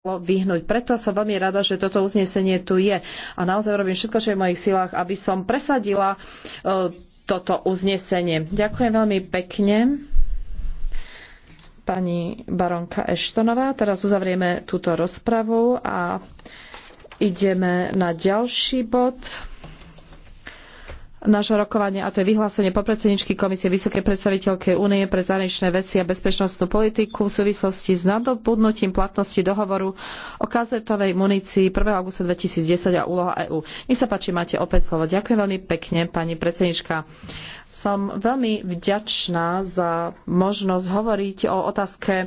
vyhnúť. Preto som veľmi rada, že toto uznesenie tu je. A naozaj robím všetko, čo je v mojich silách, aby som presadila e, toto uznesenie. Ďakujem veľmi pekne pani baronka Eštonová. Teraz uzavrieme túto rozpravu a ideme na ďalší bod naše rokovanie, a to je vyhlásenie podpredsedničky Komisie Vysokej predstaviteľke únie pre zahraničné veci a bezpečnostnú politiku v súvislosti s nadobudnutím platnosti dohovoru o kazetovej munícii 1. augusta 2010 a úloha EÚ. Nech sa páči, máte opäť slovo. Ďakujem veľmi pekne, pani predsednička. Som veľmi vďačná za možnosť hovoriť o otázke e,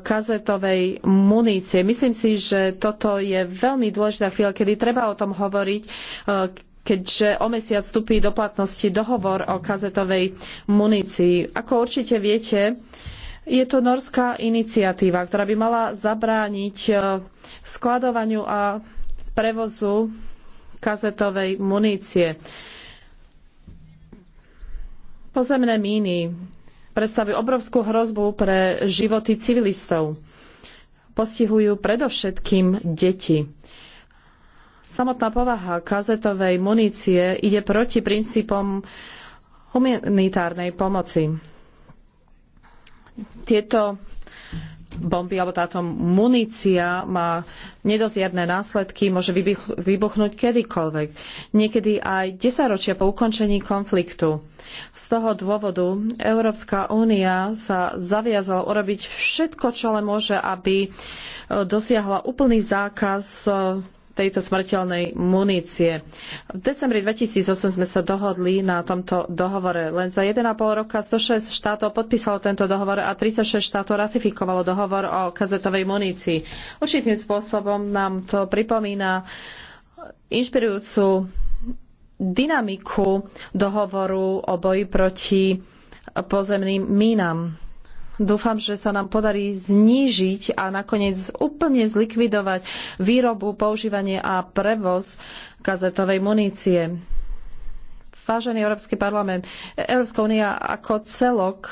kazetovej munície. Myslím si, že toto je veľmi dôležitá chvíľa, kedy treba o tom hovoriť, e, keďže o mesiac vstupí do platnosti dohovor o kazetovej munícii. Ako určite viete, je to norská iniciatíva, ktorá by mala zabrániť e, skladovaniu a prevozu kazetovej munície. Pozemné míny predstavujú obrovskú hrozbu pre životy civilistov. Postihujú predovšetkým deti. Samotná povaha kazetovej munície ide proti princípom humanitárnej pomoci. Tieto bomby alebo táto munícia má nedozierne následky, môže vybuchnúť kedykoľvek. Niekedy aj 10 ročia po ukončení konfliktu. Z toho dôvodu Európska únia sa zaviazala urobiť všetko, čo len môže, aby dosiahla úplný zákaz tejto smrteľnej munície. V decembri 2008 sme sa dohodli na tomto dohovore. Len za 1,5 roka 106 štátov podpísalo tento dohovor a 36 štátov ratifikovalo dohovor o kazetovej munícii. Určitým spôsobom nám to pripomína inšpirujúcu dynamiku dohovoru o boji proti pozemným mínam. Dúfam, že sa nám podarí znížiť a nakoniec úplne zlikvidovať výrobu, používanie a prevoz kazetovej munície. Vážený Európsky parlament, Európska únia ako celok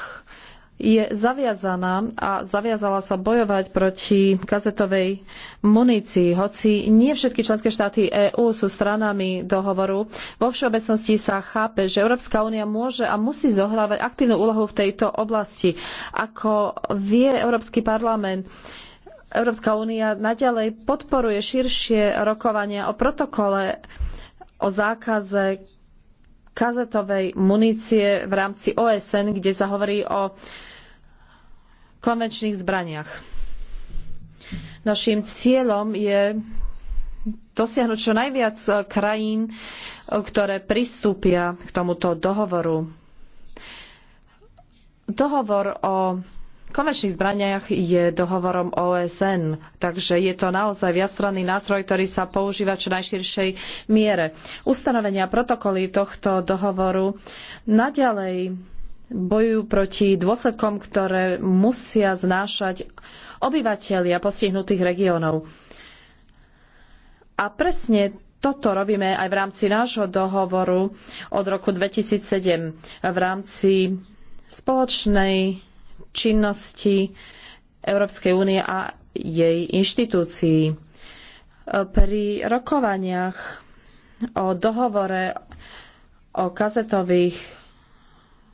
je zaviazaná a zaviazala sa bojovať proti kazetovej munícii. Hoci nie všetky členské štáty EÚ sú stranami dohovoru, vo všeobecnosti sa chápe, že Európska únia môže a musí zohrávať aktívnu úlohu v tejto oblasti. Ako vie Európsky parlament, Európska únia naďalej podporuje širšie rokovania o protokole o zákaze kazetovej munície v rámci OSN, kde sa hovorí o konvenčných zbraniach. Naším cieľom je dosiahnuť čo najviac krajín, ktoré pristúpia k tomuto dohovoru. Dohovor o konvenčných zbraniach je dohovorom OSN, takže je to naozaj viacstranný nástroj, ktorý sa používa v čo najširšej miere. Ustanovenia a protokoly tohto dohovoru naďalej bojujú proti dôsledkom, ktoré musia znášať obyvateľia postihnutých regiónov. A presne toto robíme aj v rámci nášho dohovoru od roku 2007 v rámci spoločnej činnosti Európskej únie a jej inštitúcií. Pri rokovaniach o dohovore o kazetových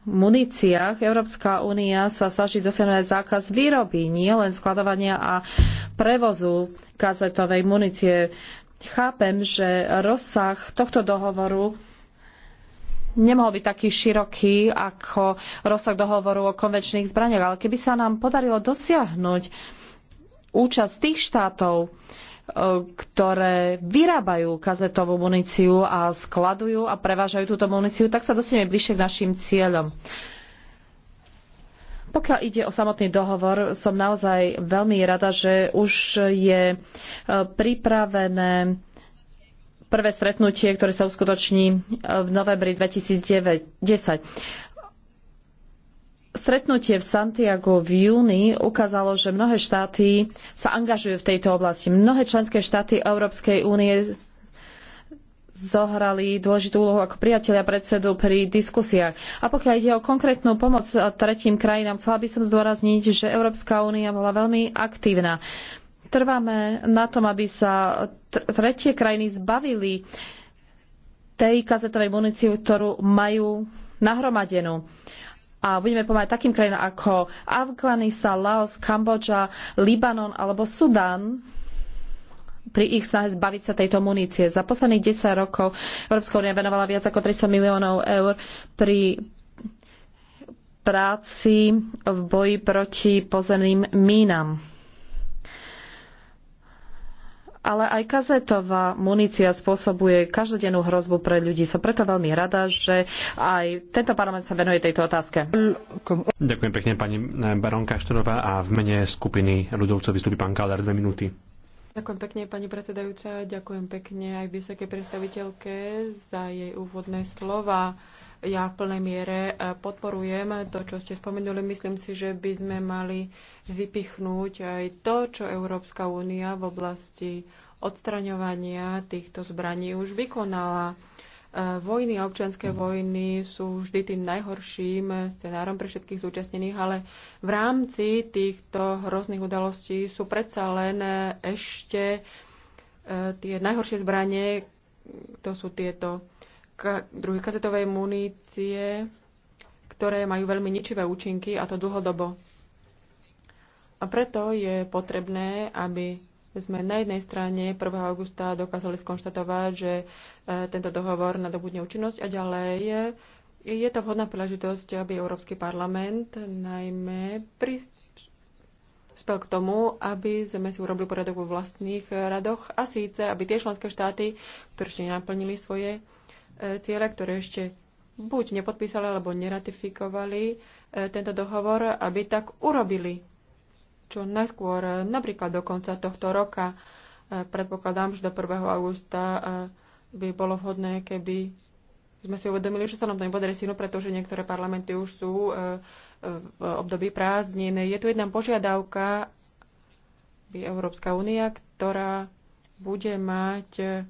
muníciách Európska únia sa snaží dosiahnuť zákaz výroby, nielen skladovania a prevozu kazetovej munície. Chápem, že rozsah tohto dohovoru nemohol byť taký široký ako rozsah dohovoru o konvenčných zbraniach. Ale keby sa nám podarilo dosiahnuť účasť tých štátov, e, ktoré vyrábajú kazetovú muníciu a skladujú a prevážajú túto muníciu, tak sa dostaneme bližšie k našim cieľom. Pokiaľ ide o samotný dohovor, som naozaj veľmi rada, že už je e, pripravené prvé stretnutie, ktoré sa uskutoční e, v novembri 2010. Stretnutie v Santiago v júni ukázalo, že mnohé štáty sa angažujú v tejto oblasti. Mnohé členské štáty Európskej únie zohrali dôležitú úlohu ako priatelia predsedu pri diskusiách. A pokiaľ ide o konkrétnu pomoc tretím krajinám, chcela by som zdôrazniť, že Európska únia bola veľmi aktívna trváme na tom, aby sa tretie krajiny zbavili tej kazetovej municii, ktorú majú nahromadenú. A budeme pomáhať takým krajinám ako Afganistan, Laos, Kambodža, Libanon alebo Sudan pri ich snahe zbaviť sa tejto munície. Za posledných 10 rokov Európska únia venovala viac ako 300 miliónov eur pri práci v boji proti pozemným mínam ale aj kazetová munícia spôsobuje každodennú hrozbu pre ľudí. Som preto veľmi rada, že aj tento parlament sa venuje tejto otázke. Ďakujem pekne pani eh, baronka Štorová a v mene skupiny ľudovcov vystúpi pán Kaler dve minúty. Ďakujem pekne, pani predsedajúca. Ďakujem pekne aj vysokej predstaviteľke za jej úvodné slova. Ja v plnej miere e, podporujem to, čo ste spomenuli. Myslím si, že by sme mali vypichnúť aj to, čo Európska únia v oblasti odstraňovania týchto zbraní už vykonala. E, vojny a občianské vojny sú vždy tým najhorším scenárom pre všetkých zúčastnených, ale v rámci týchto hrozných udalostí sú predsa len ešte e, tie najhoršie zbranie, to sú tieto druhy kazetovej munície, ktoré majú veľmi ničivé účinky a to dlhodobo. A preto je potrebné, aby sme na jednej strane 1. augusta dokázali skonštatovať, že e, tento dohovor nadobudne účinnosť a ďalej je to vhodná príležitosť, aby Európsky parlament najmä prispel k tomu, aby sme si urobili poriadok vo vlastných radoch a síce, aby tie členské štáty, ktoré ešte nenaplnili svoje E, ciele, ktoré ešte buď nepodpísali alebo neratifikovali e, tento dohovor, aby tak urobili čo najskôr, e, napríklad do konca tohto roka. Predpokladám, že do 1. augusta by bolo vhodné, keby sme si uvedomili, že sa nám to nepodarí silu, pretože niektoré parlamenty už sú v období prázdnin. Je tu jedna požiadavka, by Európska únia, ktorá bude mať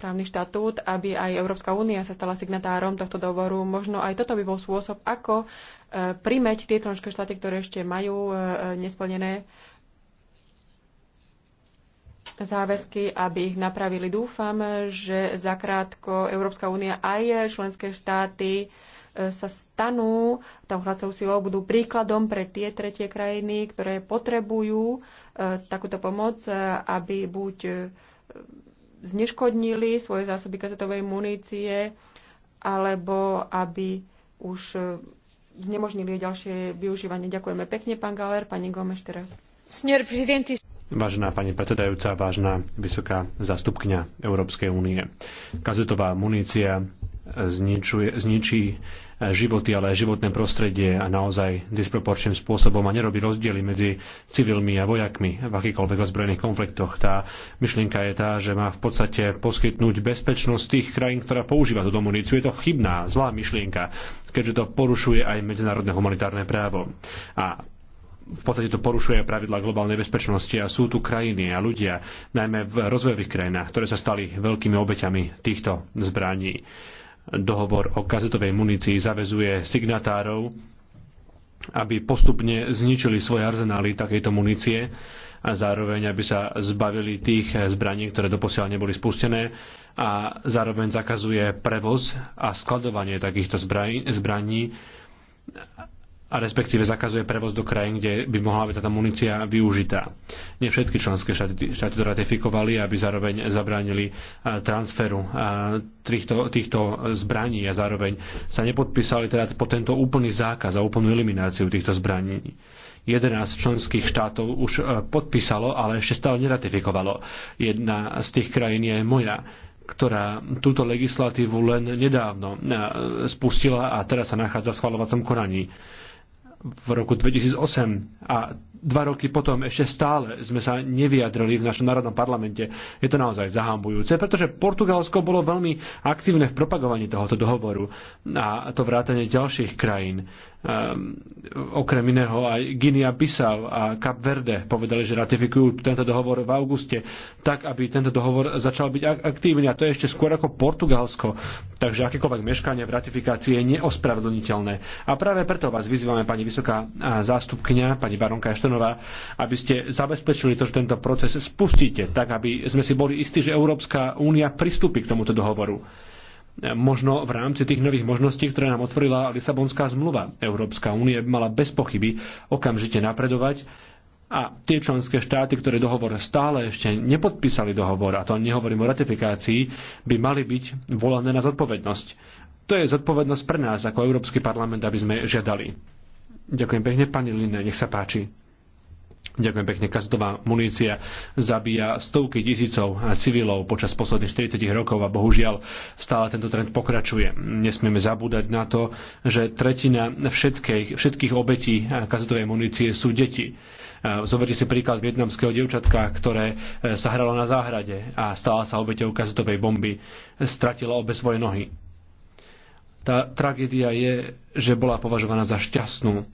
právny štatút, aby aj Európska únia sa stala signatárom tohto dohovoru. Možno aj toto by bol spôsob, ako e, primeť tie členské štáty, ktoré ešte majú e, nesplnené záväzky, aby ich napravili. Dúfam, že zakrátko Európska únia aj členské štáty e, sa stanú tam hľadcov silou, budú príkladom pre tie tretie krajiny, ktoré potrebujú takúto pomoc, aby buď zneškodnili svoje zásoby kazetovej munície alebo aby už e, znemožnili ďalšie využívanie. Ďakujeme pekne, pán Galer, pani Gomeš teraz. Vážená pani predsedajúca, vážna vysoká zastupkňa Európskej únie. Kazetová munícia zničuje, zničí e, životy, ale aj životné prostredie a naozaj disproporčným spôsobom a nerobí rozdiely medzi civilmi a vojakmi v akýkoľvek ozbrojených konfliktoch. Tá myšlienka je tá, že má v podstate poskytnúť bezpečnosť tých krajín, ktorá používa túto muníciu. Je to chybná, zlá myšlienka, keďže to porušuje aj medzinárodné humanitárne právo. A v podstate to porušuje pravidla globálnej bezpečnosti a sú tu krajiny a ľudia, najmä v rozvojových krajinách, ktoré sa stali veľkými obeťami týchto zbraní. Dohovor o kazetovej munícii zavezuje signatárov, aby postupne zničili svoje arzenály takejto munície a zároveň, aby sa zbavili tých zbraní, ktoré doposiaľ neboli spustené a zároveň zakazuje prevoz a skladovanie takýchto zbraní a respektíve zakazuje prevoz do krajín, kde by mohla byť táto munícia využitá. Nie všetky členské štáty, štáty to ratifikovali, aby zároveň zabránili e, transferu e, týchto, týchto zbraní a zároveň sa nepodpísali teda po tento úplný zákaz a úplnú elimináciu týchto zbraní. 11 členských štátov už e, podpísalo, ale ešte stále neratifikovalo. Jedna z tých krajín je moja ktorá túto legislatívu len nedávno spustila a teraz sa nachádza v schvalovacom konaní v roku 2008 a dva roky potom ešte stále sme sa nevyjadrili v našom národnom parlamente. Je to naozaj zahambujúce, pretože Portugalsko bolo veľmi aktívne v propagovaní tohoto dohovoru a to vrátanie ďalších krajín. Ehm, okrem iného aj Guinea Bissau a Cap Verde povedali, že ratifikujú tento dohovor v auguste, tak aby tento dohovor začal byť aktívny a to je ešte skôr ako Portugalsko. Takže akékoľvek meškanie v ratifikácii je neospravedlniteľné. A práve preto vás vyzývame, pani vysoká zástupkňa, pani baronka Eštenová, aby ste zabezpečili to, že tento proces spustíte, tak aby sme si boli istí, že Európska únia pristúpi k tomuto dohovoru možno v rámci tých nových možností, ktoré nám otvorila Lisabonská zmluva. Európska únie mala bez pochyby okamžite napredovať a tie členské štáty, ktoré dohovor stále ešte nepodpísali dohovor, a to nehovorím o ratifikácii, by mali byť volané na zodpovednosť. To je zodpovednosť pre nás ako Európsky parlament, aby sme žiadali. Ďakujem pekne, pani Linne, nech sa páči. Ďakujem pekne. Kazetová munícia zabíja stovky tisícov civilov počas posledných 40 rokov a bohužiaľ stále tento trend pokračuje. Nesmieme zabúdať na to, že tretina všetkých, všetkých obetí kazetovej munície sú deti. Zoberte si príklad vietnamského dievčatka, ktoré e, sa hralo na záhrade a stala sa obeťou kazetovej bomby. Stratila obe svoje nohy. Tá tragédia je, že bola považovaná za šťastnú.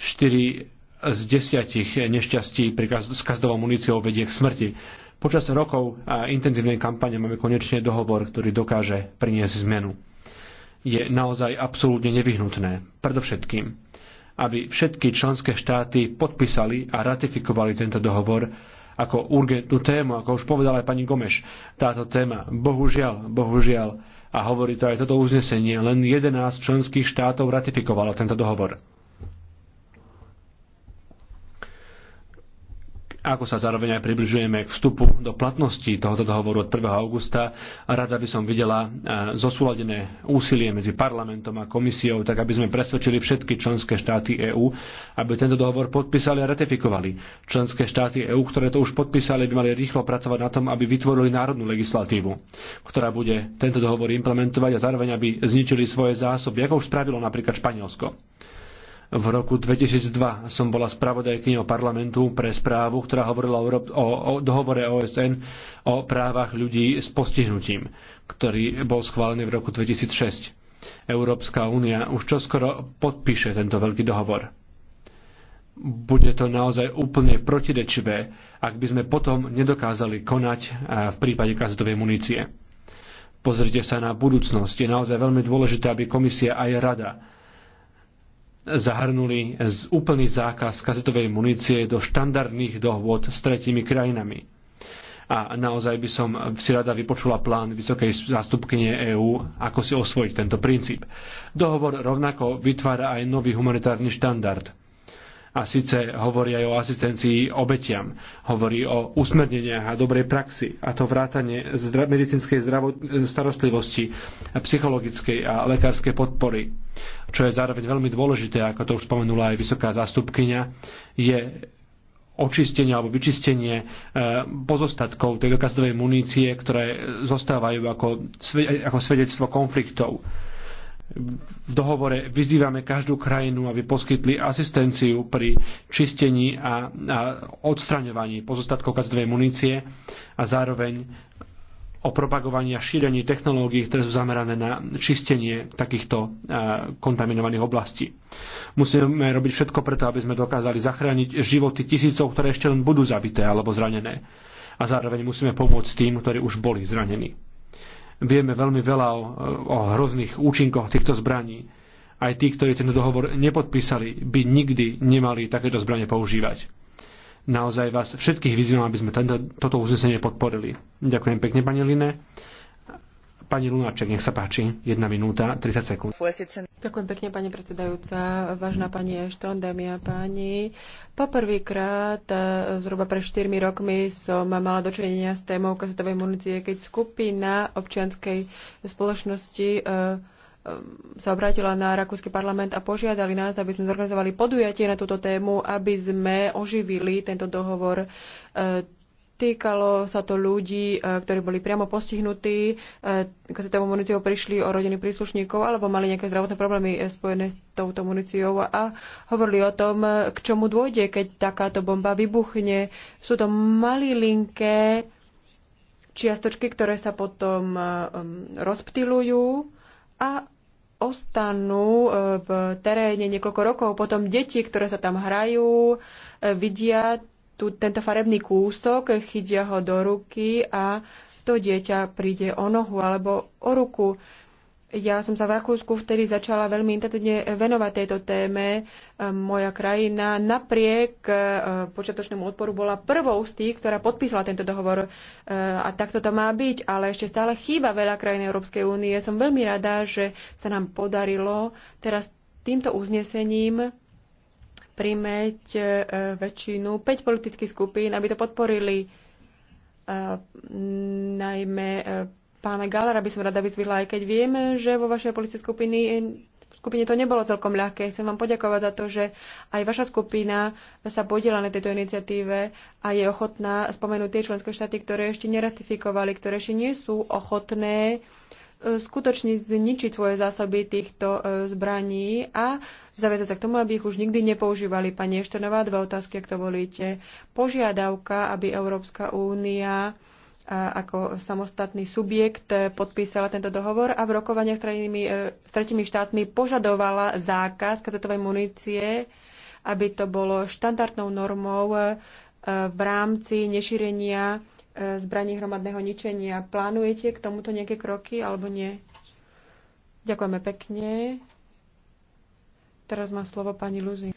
Štyri z desiatich nešťastí pri, s každou muníciou vedie k smrti. Počas rokov a intenzívnej kampane máme konečne dohovor, ktorý dokáže priniesť zmenu. Je naozaj absolútne nevyhnutné, predovšetkým, aby všetky členské štáty podpísali a ratifikovali tento dohovor ako urgentnú tému, ako už povedala aj pani Gomeš. Táto téma, bohužiaľ, bohužiaľ, a hovorí to aj toto uznesenie, len 11 členských štátov ratifikovalo tento dohovor. ako sa zároveň aj približujeme k vstupu do platnosti tohoto dohovoru od 1. augusta. Rada by som videla e, zosúladené úsilie medzi parlamentom a komisiou, tak aby sme presvedčili všetky členské štáty EÚ, aby tento dohovor podpísali a ratifikovali. Členské štáty EÚ, ktoré to už podpísali, by mali rýchlo pracovať na tom, aby vytvorili národnú legislatívu, ktorá bude tento dohovor implementovať a zároveň aby zničili svoje zásoby, ako už spravilo napríklad Španielsko. V roku 2002 som bola spravodajkyňou parlamentu pre správu, ktorá hovorila o, o, o dohovore OSN o právach ľudí s postihnutím, ktorý bol schválený v roku 2006. Európska únia už čoskoro podpíše tento veľký dohovor. Bude to naozaj úplne protirečivé, ak by sme potom nedokázali konať eh, v prípade kazetovej munície. Pozrite sa na budúcnosť. Je naozaj veľmi dôležité, aby komisia aj rada zahrnuli z úplný zákaz kazetovej munície do štandardných dohôd s tretími krajinami. A naozaj by som si rada vypočula plán vysokej zástupkynie EÚ, ako si osvojiť tento princíp. Dohovor rovnako vytvára aj nový humanitárny štandard – a síce hovorí aj o asistencii obetiam, hovorí o usmerneniach a dobrej praxi, a to vrátanie zdra- medicínskej zdravot- starostlivosti, psychologickej a lekárskej podpory. Čo je zároveň veľmi dôležité, ako to už spomenula aj vysoká zástupkynia, je očistenie alebo vyčistenie e, pozostatkov tej dokazovej munície, ktoré zostávajú ako, ako svedectvo konfliktov v dohovore vyzývame každú krajinu, aby poskytli asistenciu pri čistení a, a odstraňovaní pozostatkov kazdovej munície a zároveň o propagovaní a šírení technológií, ktoré sú zamerané na čistenie takýchto kontaminovaných oblastí. Musíme robiť všetko preto, aby sme dokázali zachrániť životy tisícov, ktoré ešte len budú zabité alebo zranené. A zároveň musíme pomôcť tým, ktorí už boli zranení. Vieme veľmi veľa o, o hrozných účinkoch týchto zbraní. Aj tí, ktorí ten dohovor nepodpísali, by nikdy nemali takéto zbranie používať. Naozaj vás všetkých vyzývam, aby sme tento, toto uznesenie podporili. Ďakujem pekne, pani Line. Pani Lunáček, nech sa páči, 1 minúta, 30 sekúnd. Ďakujem pekne, pani predsedajúca, vážna pani Ešton, dámy a páni. Poprvýkrát, e, zhruba pred 4 rokmi, som mala dočinenia s témou kazetovej munície, keď skupina občianskej spoločnosti e, e, sa obrátila na Rakúsky parlament a požiadali nás, aby sme zorganizovali podujatie na túto tému, aby sme oživili tento dohovor. Týkalo sa to ľudí, e, ktorí boli priamo postihnutí, e, tomu municiou prišli o rodiny príslušníkov alebo mali nejaké zdravotné problémy e, spojené s touto municiou a hovorili o tom, k čomu dôjde, keď takáto bomba vybuchne. Sú to malilinké čiastočky, ktoré sa potom rozptilujú a ostanú v teréne niekoľko rokov. Potom deti, ktoré sa tam hrajú, vidia tu, tento farebný kústok, chytia ho do ruky a to dieťa príde o nohu alebo o ruku. Ja som sa v Rakúsku vtedy začala veľmi intenzívne venovať tejto téme. Moja krajina napriek e, počiatočnému odporu bola prvou z tých, ktorá podpísala tento dohovor. E, a takto to má byť, ale ešte stále chýba veľa krajín Európskej únie. Som veľmi rada, že sa nám podarilo teraz týmto uznesením primeť e, väčšinu, 5 politických skupín, aby to podporili. E, najmä e, pána Galera by som rada vyzvihla, aj keď vieme, že vo vašej politickej skupiny skupine to nebolo celkom ľahké. Chcem vám poďakovať za to, že aj vaša skupina sa podiela na tejto iniciatíve a je ochotná spomenúť tie členské štáty, ktoré ešte neratifikovali, ktoré ešte nie sú ochotné uh, E, skutočne zničiť svoje zásoby týchto e, zbraní a zaviazať sa k tomu, aby ich už nikdy nepoužívali. Pani Eštenová, dva otázky, ak to volíte. Požiadavka, aby Európska únia e, ako samostatný subjekt podpísala tento dohovor a v rokovaniach s tretimi, s tretimi štátmi požadovala zákaz katetovej munície, aby to bolo štandardnou normou v rámci nešírenia E, zbraní hromadného ničenia. Plánujete k tomuto nejaké kroky alebo nie? Ďakujeme pekne. Teraz má slovo pani Luzi.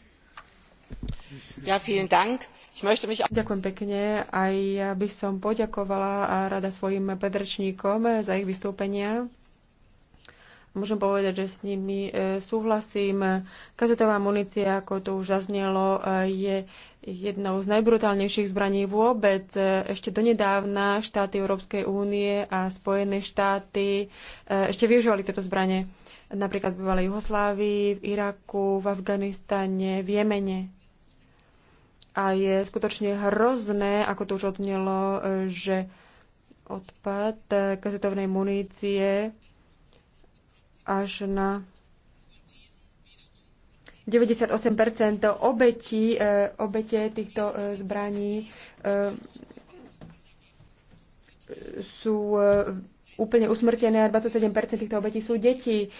Ja, vielen Dank. Ďakujem pekne. Aj ja by som poďakovala a rada svojim predrečníkom za ich vystúpenia. Môžem povedať, že s nimi e, súhlasím. Kazetová munícia, ako to už zaznelo, e, je jednou z najbrutálnejších zbraní vôbec. E, ešte donedávna štáty Európskej únie a Spojené štáty ešte využívali tieto zbranie. Napríklad v bývalej Juhoslávii, v Iraku, v Afganistane, v Jemene. A je skutočne hrozné, ako to už odnelo, že odpad kazetovnej munície až na 98 obetí, e, obete týchto e, zbraní e, sú úplne usmrtené a 27 týchto obetí sú deti.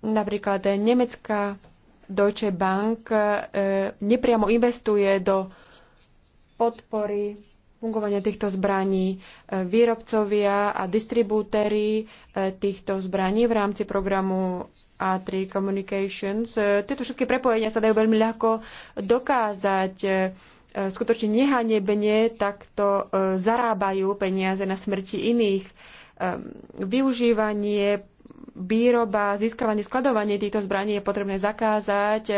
Napríklad nemecká Deutsche Bank nepriamo investuje do podpory fungovania týchto zbraní. E, výrobcovia a distribútery e, týchto zbraní v rámci programu A3 Communications. E, tieto všetky prepojenia sa dajú veľmi ľahko dokázať. Skutočne nehanebne takto zarábajú peniaze na smrti iných. Využívanie výroba, získavanie, skladovanie týchto zbraní je potrebné zakázať, e,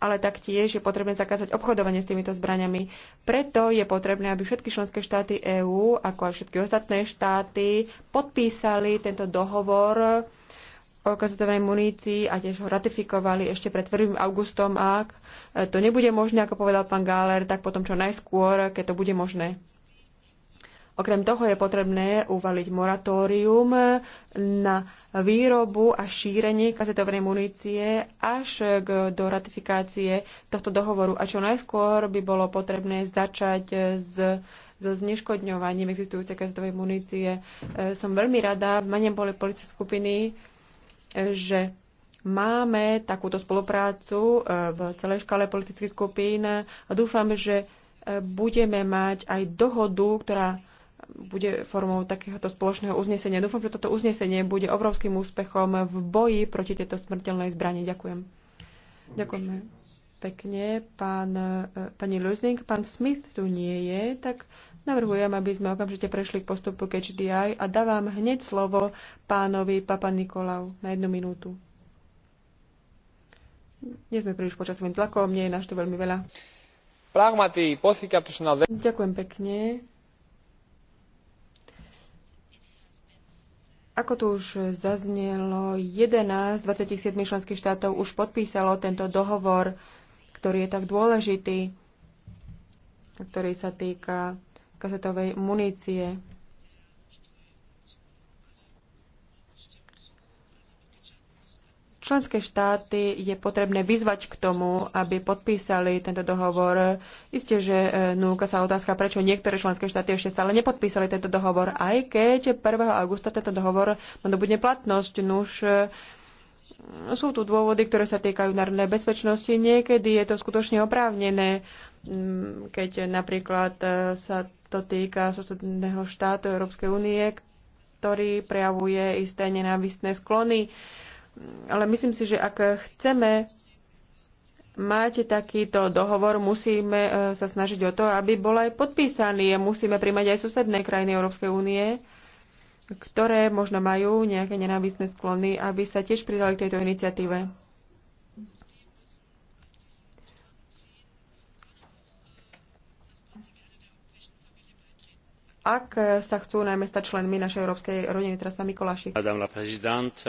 ale taktiež je potrebné zakázať obchodovanie s týmito zbraniami. Preto je potrebné, aby všetky členské štáty EÚ, ako aj všetky ostatné štáty, podpísali tento dohovor o kazetovej munícii a tiež ho ratifikovali ešte pred 1. augustom. Ak e, to nebude možné, ako povedal pán Gáler, tak potom čo najskôr, keď to bude možné. Okrem toho je potrebné uvaliť moratórium na výrobu a šírenie kazetovej munície až k, do ratifikácie tohto dohovoru. A čo najskôr by bolo potrebné začať s so zneškodňovaním existujúcej kazetovej munície. E, som veľmi rada v mene policie skupiny, e, že máme takúto spoluprácu e, v celej škále politických skupín a dúfam, že budeme mať aj dohodu, ktorá bude formou takéhoto spoločného uznesenia. Dúfam, že toto uznesenie bude obrovským úspechom v boji proti tejto smrteľnej zbrani. Ďakujem. Ďakujem pekne. Pán, e, pani Lusing, pán Smith tu nie je, tak navrhujem, aby sme okamžite prešli k postupu k HDI a dávam hneď slovo pánovi Papa Nikolau na jednu minútu. Nie sme príliš počasovým tlakom, nie je náš tu veľmi veľa. Ďakujem pekne. Ako tu už zaznelo, 11 z 27 členských štátov už podpísalo tento dohovor, ktorý je tak dôležitý, ktorý sa týka kazetovej munície. Členské štáty je potrebné vyzvať k tomu, aby podpísali tento dohovor. Isté, že e, núka sa otázka, prečo niektoré členské štáty ešte stále nepodpísali tento dohovor, aj keď 1. augusta tento dohovor nadobudne platnosť. Nuž, e, sú tu dôvody, ktoré sa týkajú národnej bezpečnosti. Niekedy je to skutočne oprávnené, mm, keď napríklad e, sa to týka susedného štátu Európskej únie, ktorý prejavuje isté nenávistné sklony. Uh, ale myslím si, že ak chceme mať takýto dohovor, musíme e, sa snažiť o to, aby bol aj podpísaný. Musíme príjmať aj susedné krajiny Európskej únie, ktoré možno majú nejaké nenávisné sklony, aby sa tiež pridali k tejto iniciatíve. Ak sa chcú najmä stať členmi našej európskej rodiny, teraz pán Mikolášik. Madame la présidente,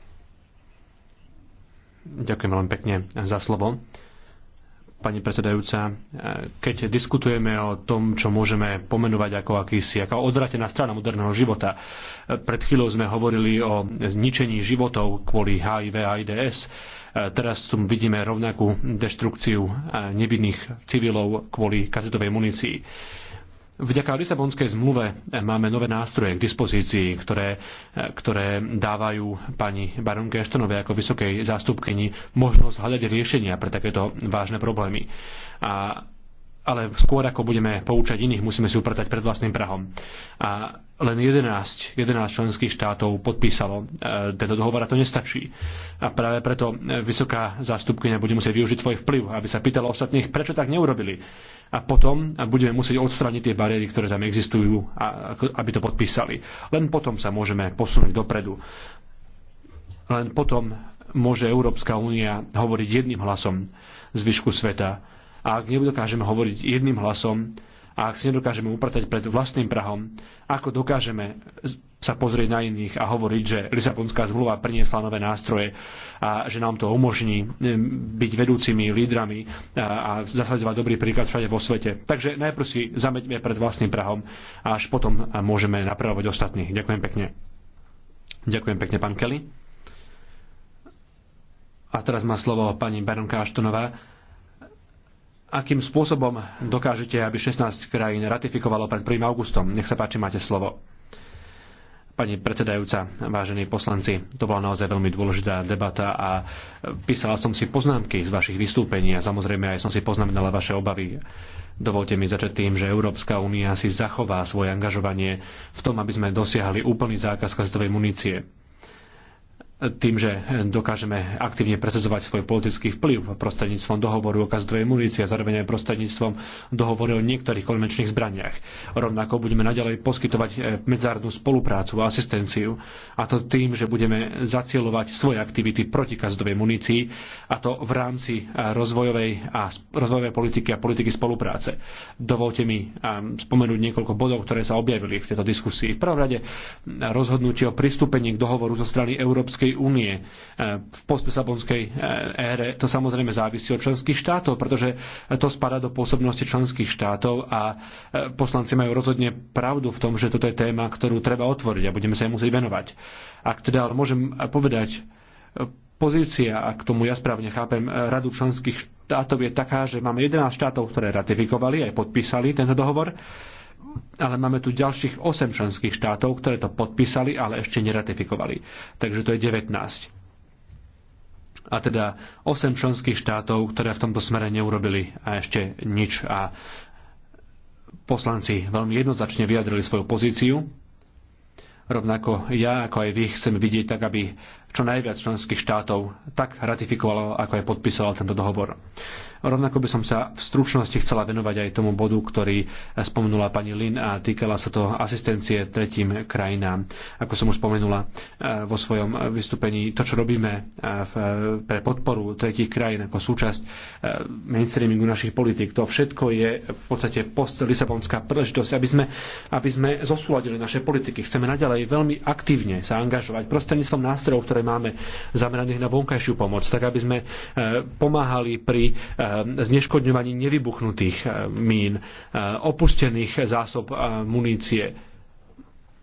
Ďakujem veľmi pekne za slovo. Pani predsedajúca, keď diskutujeme o tom, čo môžeme pomenovať ako akýsi, ako odvratená strana moderného života, pred chvíľou sme hovorili o zničení životov kvôli HIV a AIDS, Teraz tu vidíme rovnakú deštrukciu nevinných civilov kvôli kazetovej munícii. Vďaka Lisabonskej zmluve eh, máme nové nástroje k dispozícii, ktoré, eh, ktoré dávajú pani baronke Eštonovej ako vysokej zástupkyni možnosť hľadať riešenia pre takéto vážne problémy. A ale skôr ako budeme poučať iných, musíme si upratať pred vlastným prahom. A len 11, 11 členských štátov podpísalo e, tento dohovor a to nestačí. A práve preto e, vysoká zástupkynia bude musieť využiť svoj vplyv, aby sa pýtala ostatných, prečo tak neurobili. A potom budeme musieť odstrániť tie bariéry, ktoré tam existujú, aby to podpísali. Len potom sa môžeme posunúť dopredu. Len potom môže Európska únia hovoriť jedným hlasom zvyšku sveta a ak nedokážeme hovoriť jedným hlasom, a ak si nedokážeme upratať pred vlastným prahom, ako dokážeme sa pozrieť na iných a hovoriť, že Lisabonská zmluva priniesla nové nástroje a že nám to umožní byť vedúcimi lídrami a zasadovať dobrý príklad všade vo svete. Takže najprv si zameďme pred vlastným prahom a až potom môžeme napravovať ostatných. Ďakujem pekne. Ďakujem pekne, pán Kelly. A teraz má slovo pani Baronka Aštonová akým spôsobom dokážete, aby 16 krajín ratifikovalo pred 1. augustom. Nech sa páči, máte slovo. Pani predsedajúca, vážení poslanci, to bola naozaj veľmi dôležitá debata a písala som si poznámky z vašich vystúpení a samozrejme aj som si poznamenala vaše obavy. Dovolte mi začať tým, že Európska únia si zachová svoje angažovanie v tom, aby sme dosiahli úplný zákaz kazetovej munície tým, že dokážeme aktívne presadzovať svoj politický vplyv prostredníctvom dohovoru o kazdovej munície a zároveň aj prostredníctvom dohovoru o niektorých konvenčných zbraniach. Rovnako budeme naďalej poskytovať eh, medzárodnú spoluprácu a asistenciu, a to tým, že budeme zacielovať svoje aktivity proti kazdovej munícii, a to v rámci eh, rozvojovej, a rozvojovej politiky a politiky spolupráce. Dovolte mi eh, spomenúť niekoľko bodov, ktoré sa objavili v tejto diskusii. V prvom rade rozhodnutie o pristúpení k dohovoru zo strany Európskej Európskej únie e, v postlisabonskej e, ére. To samozrejme závisí od členských štátov, pretože to spada do pôsobnosti členských štátov a e, poslanci majú rozhodne pravdu v tom, že toto je téma, ktorú treba otvoriť a budeme sa jej musieť venovať. Ak teda môžem povedať, pozícia, ak tomu ja správne chápem, radu členských štátov je taká, že máme 11 štátov, ktoré ratifikovali aj podpísali tento dohovor ale máme tu ďalších 8 členských štátov, ktoré to podpísali, ale ešte neratifikovali. Takže to je 19. A teda 8 členských štátov, ktoré v tomto smere neurobili a ešte nič. A poslanci veľmi jednoznačne vyjadrili svoju pozíciu. Rovnako ja, ako aj vy, chcem vidieť tak, aby čo najviac členských štátov tak ratifikovalo, ako aj podpisoval tento dohovor. Rovnako by som sa v stručnosti chcela venovať aj tomu bodu, ktorý spomenula pani Lin a týkala sa to asistencie tretím krajinám. Ako som už spomenula e, vo svojom vystúpení, to, čo robíme e, pre podporu tretích krajín ako súčasť e, mainstreamingu našich politik, to všetko je v podstate post-Lisabonská príležitosť, aby sme, aby sme zosúladili naše politiky. Chceme naďalej veľmi aktívne sa angažovať prostredníctvom nástrojov, ktoré ktoré máme zameraných na vonkajšiu pomoc, tak aby sme e, pomáhali pri e, zneškodňovaní nevybuchnutých e, mín, opustených zásob munície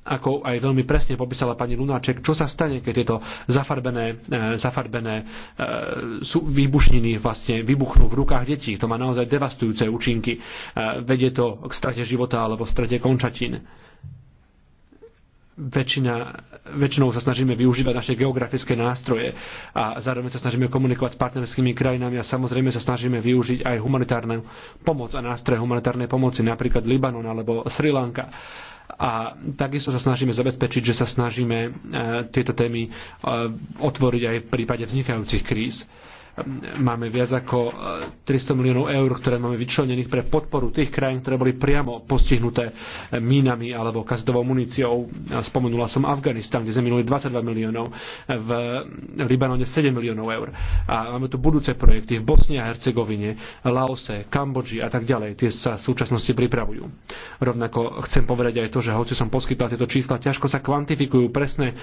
ako aj veľmi presne popísala pani Lunáček, čo sa stane, keď tieto zafarbené, zafarbené sú výbušniny vlastne vybuchnú v rukách detí. To má naozaj devastujúce účinky. Vedie to k strate života alebo strate končatín väčšina, väčšinou sa snažíme využívať naše geografické nástroje a zároveň sa snažíme komunikovať s partnerskými krajinami a samozrejme sa snažíme využiť aj humanitárnu pomoc a nástroje humanitárnej pomoci, napríklad Libanon alebo Sri Lanka. A takisto sa snažíme zabezpečiť, že sa snažíme e, tieto témy e, otvoriť aj v prípade vznikajúcich kríz. Máme viac ako 300 e, miliónov eur, ktoré máme vyčlenených pre podporu tých krajín, ktoré boli priamo postihnuté e, mínami alebo kazetovou muníciou. Spomenula som Afganistan, kde sme minuli 22 miliónov, e, v Libanone 7 miliónov eur. A máme tu budúce projekty v Bosni a Hercegovine, Laose, Kambodži a tak ďalej. Tie sa v súčasnosti pripravujú. Rovnako chcem povedať aj to, že hoci som poskytla tieto čísla, ťažko sa kvantifikujú presné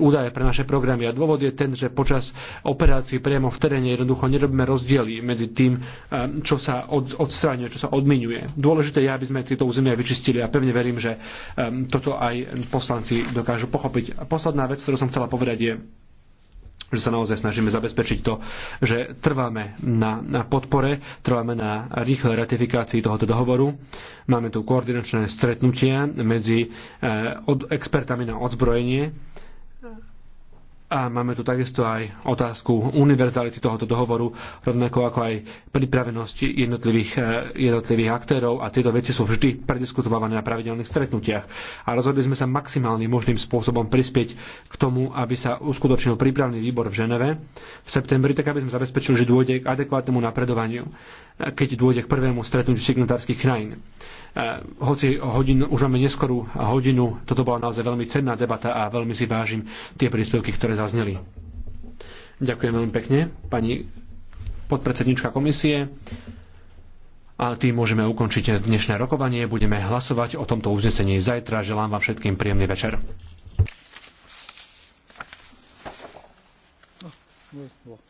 údaje pre naše programy. A dôvod je ten, že počas operácií priamo v teréne Jednoducho nerobíme rozdiely medzi tým, eh, čo sa od, odstráňuje, čo sa odmiňuje. Dôležité je, aby sme tieto územia vyčistili a pevne verím, že eh, toto aj poslanci dokážu pochopiť. A posledná vec, ktorú som chcela povedať, je, že sa naozaj snažíme zabezpečiť to, že trváme na, na podpore, trváme na rýchlej ratifikácii tohoto dohovoru. Máme tu koordinačné stretnutia medzi eh, od, expertami na odzbrojenie a máme tu takisto aj otázku univerzality tohoto dohovoru, rovnako ako aj pripravenosti jednotlivých, eh, jednotlivých aktérov a tieto veci sú vždy prediskutované na pravidelných stretnutiach. A rozhodli sme sa maximálnym možným spôsobom prispieť k tomu, aby sa uskutočnil prípravný výbor v Ženeve v septembri, tak aby sme zabezpečili, že dôjde k adekvátnemu napredovaniu, eh, keď dôjde k prvému stretnutiu signatárskych krajín. Eh, hoci hodinu, už máme neskorú hodinu, toto bola naozaj veľmi cenná debata a veľmi si vážim tie príspevky, ktoré zazneli. Ďakujem veľmi pekne, pani podpredsednička komisie. A tým môžeme ukončiť dnešné rokovanie. Budeme hlasovať o tomto uznesení zajtra. Želám vám všetkým príjemný večer. No, no, no.